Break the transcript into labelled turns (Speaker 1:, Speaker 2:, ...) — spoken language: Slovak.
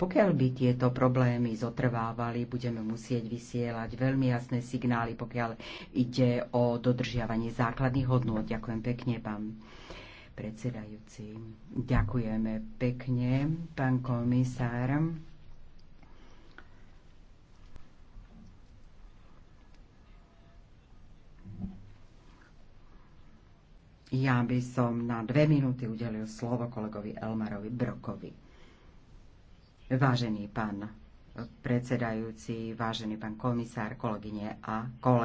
Speaker 1: Pokiaľ by tieto problémy zotrvávali, budeme musieť vysielať veľmi jasné signály, pokiaľ ide o dodržiavanie základných hodnôt. Ďakujem pekne, pán predsedajúci. Ďakujeme pekne, pán komisár. Ja by som na dve minúty udelil slovo kolegovi Elmarovi Brokovi. Vážený pán predsedajúci, vážený pán komisár, kolegyne a
Speaker 2: kolegovia.